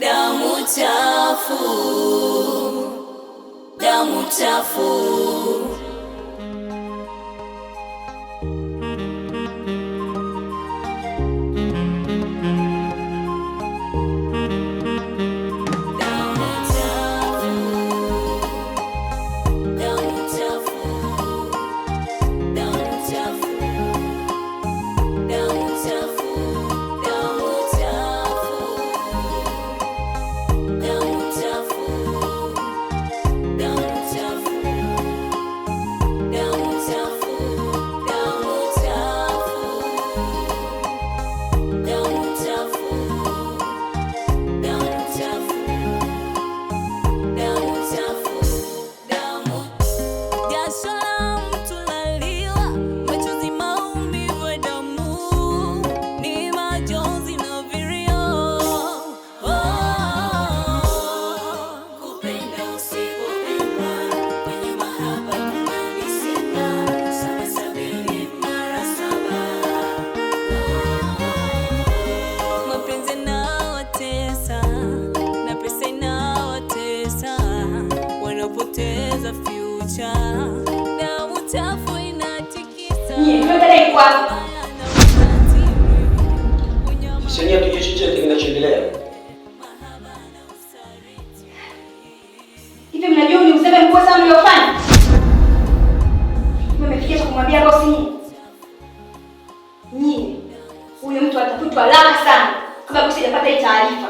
Damu chafu, damu chafu. Nimelipwa. Sasa tujue chochote kinachoendelea. Hivi mnajua ni useme mkubwa sana mliofanya? Mmefikia cha kumwambia bosi nini? Nyinyi, huyo mtu atafutwa haraka sana kama bosi hajapata hii taarifa.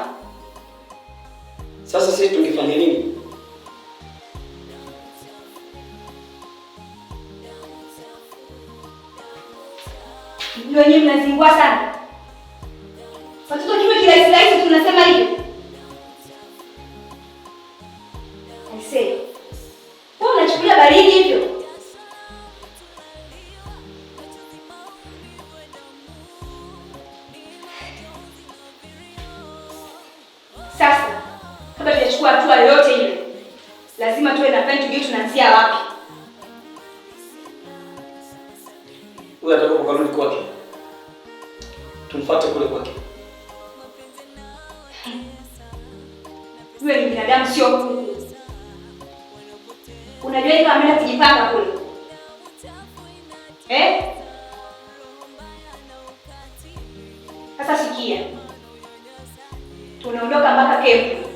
Sasa sisi tungefanya nini? ndio wenyewe mnazingua sana watoto, kiwe kirahisi rahisi tunasema hivyo Unajua hiyo ameenda kujipaka kule. Eh? Sasa sikia. Tunaondoka mpaka kepu.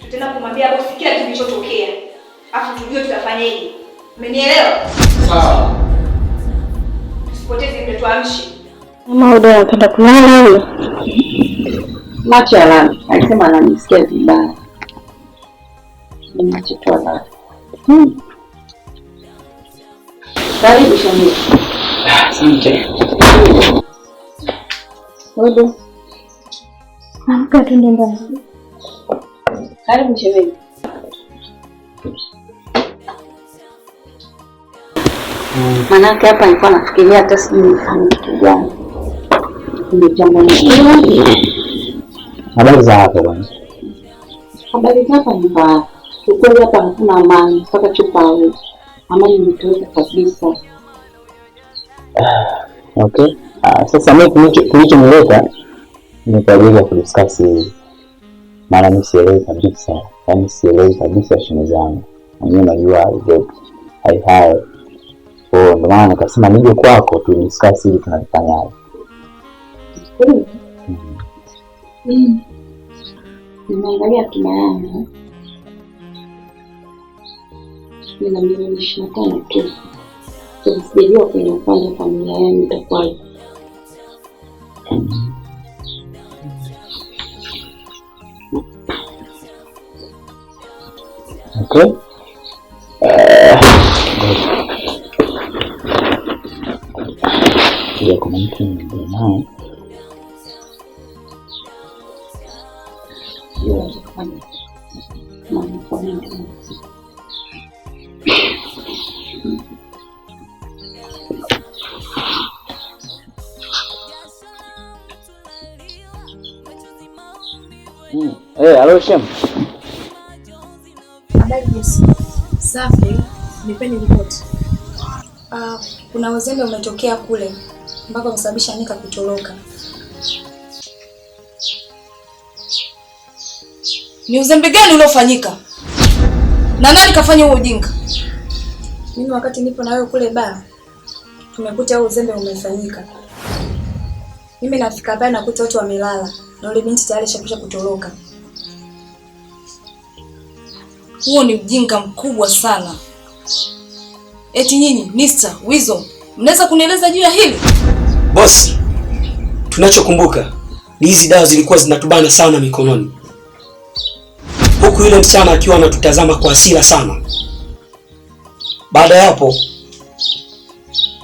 Tutaenda kumwambia bosi kila kilichotokea. Afu tujue tutafanya nini. Umenielewa? Sawa. Tusipoteze muda tuamshi. Mama Udo anapenda kulala huyo. Macho alala. Alisema ananisikia vibaya. Ni macho tu alala. Karibu Shamia. Asante. Wewe. Karibu shemeji. Manake hapa nilikuwa nafikiria hata sijui nifanye kitu gani. Habari za hapo bwana. Habari za hapa ni mbaya. Ukweli hapa hakuna amani mpaka chupa awe amani imetoweka kabisa. Okay, ah, sasa mimi kilichonileta ni kwa ajili ya kudiscuss hili, maana mimi sielewi kabisa, yaani sielewi kabisa shini zangu mimi, najua haihayo. ndo maana nikasema nije kwako tu discuss hili tunalifanyaje. Mm. Mm. Nimeangalia tuna yangu kumi na mbili na ishirini na tano tu. Sijajua kwenye upande wa familia yenu itakuwaje. Okay. Uh, Kuna mtu ndio naye Halo eh, Shem, habari? Safi, nipeni ripoti. Ah, kuna uzembe umetokea kule mpaka kusababisha Anika kutoroka. Ni uzembe gani uliofanyika na nani kafanya huo ujinga? Mimi wakati nipo na wewe kule baa, tumekuta huo uzembe umefanyika. Mimi nafika pale nakuta watu wamelala na yule binti tayari shakisha kutoroka. Huo ni ujinga mkubwa sana. Eti nyinyi Mr. Wizo mnaweza kunieleza juu ya hili? Boss, tunachokumbuka ni hizi dawa zilikuwa zinatubana sana mikononi, huku yule msichana akiwa anatutazama kwa hasira sana. Baada ya hapo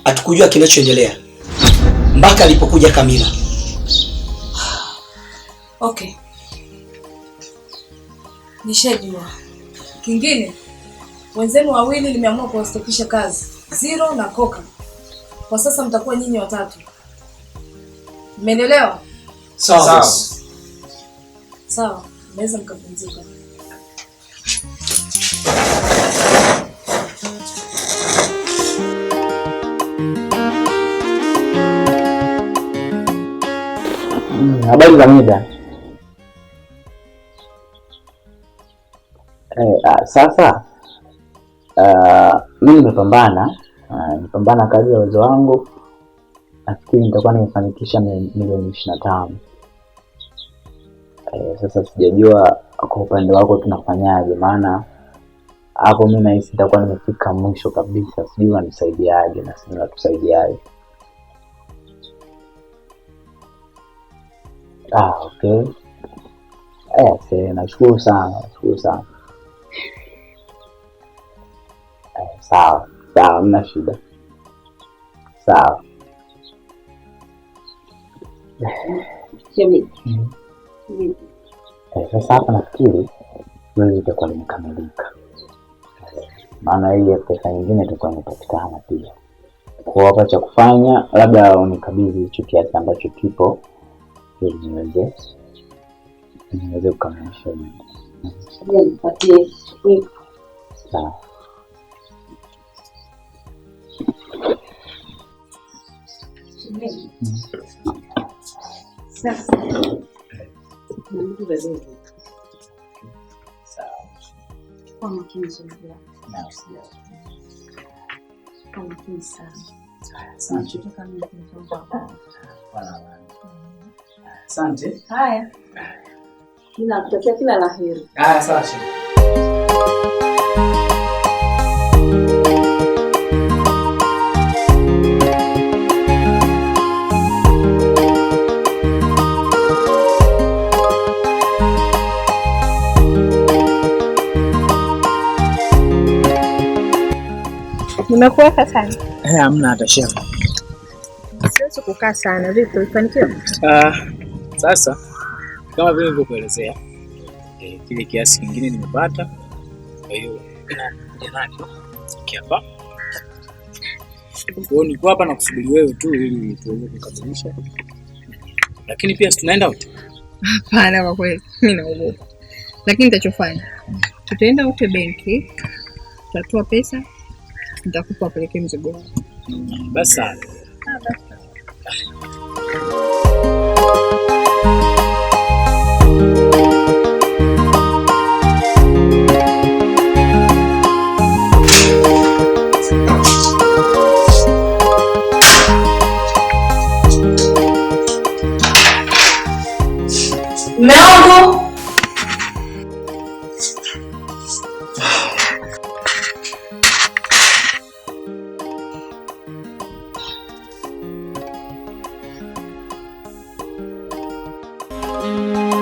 hatukujua kinachoendelea mpaka alipokuja Kamila. Okay, nishajua. Kingine, wenzenu wawili nimeamua kuwastopisha kazi, Ziro na Koka. Kwa sasa mtakuwa nyinyi watatu, mmeelewa? Sawa sawa, naweza mkapumzika. habari za muda eh. Ah, sasa ah, mimi nimepambana, ah, nimepambana kazi ya uwezo wangu. Nafikiri nitakuwa nimefanikisha milioni ishirini na tano. Eh, sasa sijajua kwa upande wako tunafanyaje, maana hapo mimi nahisi nitakuwa nimefika mwisho kabisa, sijui unanisaidiaje na sijui unatusaidiaje. Ah, okay. Eh, nashukuru sana, nashukuru sana. Eh, sawa sawa, hamna shida. Sawa. Jamii. Eh, sasa hapa nafikiri wewe itakuwa limekamilika, maana ile pesa nyingine itakuwa imepatikana pia. Kwa hapa cha kufanya labda unikabidhi hicho kiasi ambacho kipo niweze niweze kukamilisha sawa. Kwa makini sana. Asante. Haya. Ninakutakia kila la heri. Haya, sawa. Nimekuweka sana. Eh, hamna hata shaka. Siwezi kukaa sana. Vipi, ulifanikiwa? Ah, sasa kama vile nilivyokuelezea, eh, kile kiasi kingine nimepata, kwa hiyo nakuja Kwa hiyo niko hapa na kusubiri wewe tu ili tuweze kukamilisha, lakini pia tunaenda wote. Hapana, kwa kweli mimi naogopa, lakini nitachofanya tutaenda wote benki, tutatoa pesa, nitakupa apelekee mzigo wako. Basi. Ah, Música hum.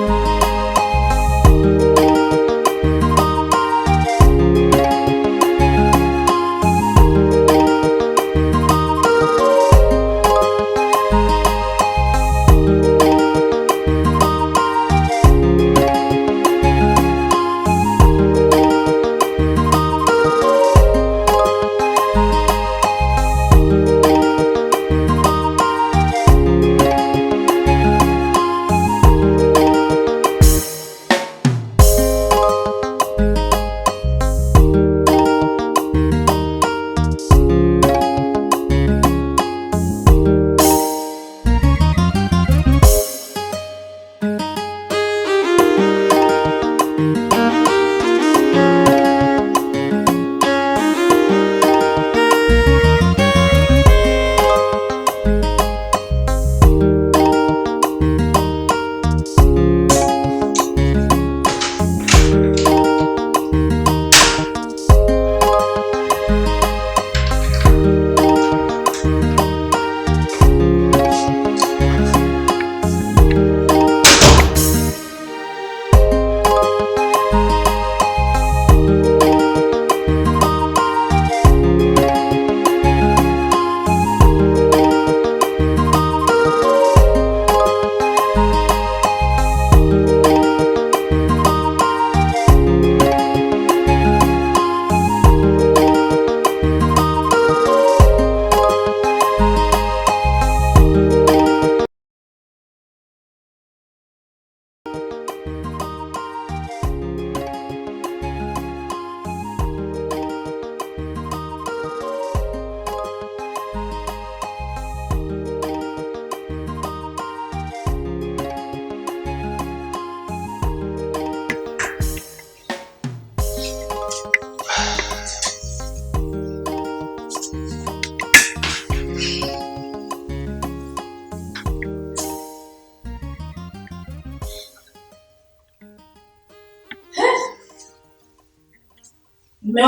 Mume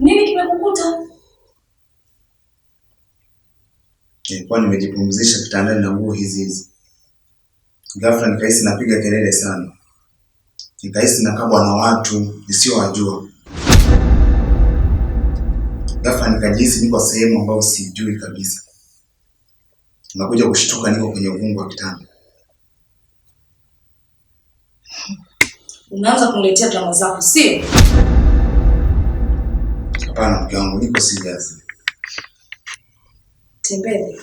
Nini kimekukuta? Nilikuwa nimejipumzisha kitandani na nguo hizi hizi. Ghafla nikahisi napiga kelele sana, nikahisi nakabwa na watu nisiowajua. Ghafla nikajihisi niko sehemu ambayo sijui kabisa, nakuja kushtuka niko kwenye uvungu wa kitanda. unaanza kuniletea drama zako, sio? Hapana mke wangu, niko serious. Tembele,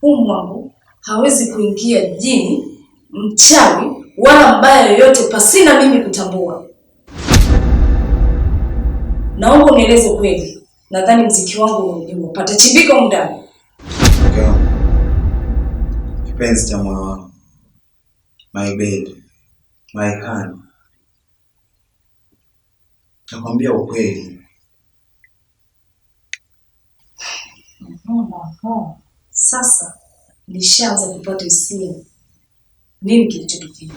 huu mwangu hawezi kuingia jini, mchawi wala mbaya yoyote pasina mimi kutambua. Naomba unieleze kweli. Nadhani mziki wangu unajua pata chimbiko mndani. Kipenzi cha moyo wangu, my baby, my honey Nakwambia ukweli. Sasa nishaanza kupata hisia. Nini kilichotokea?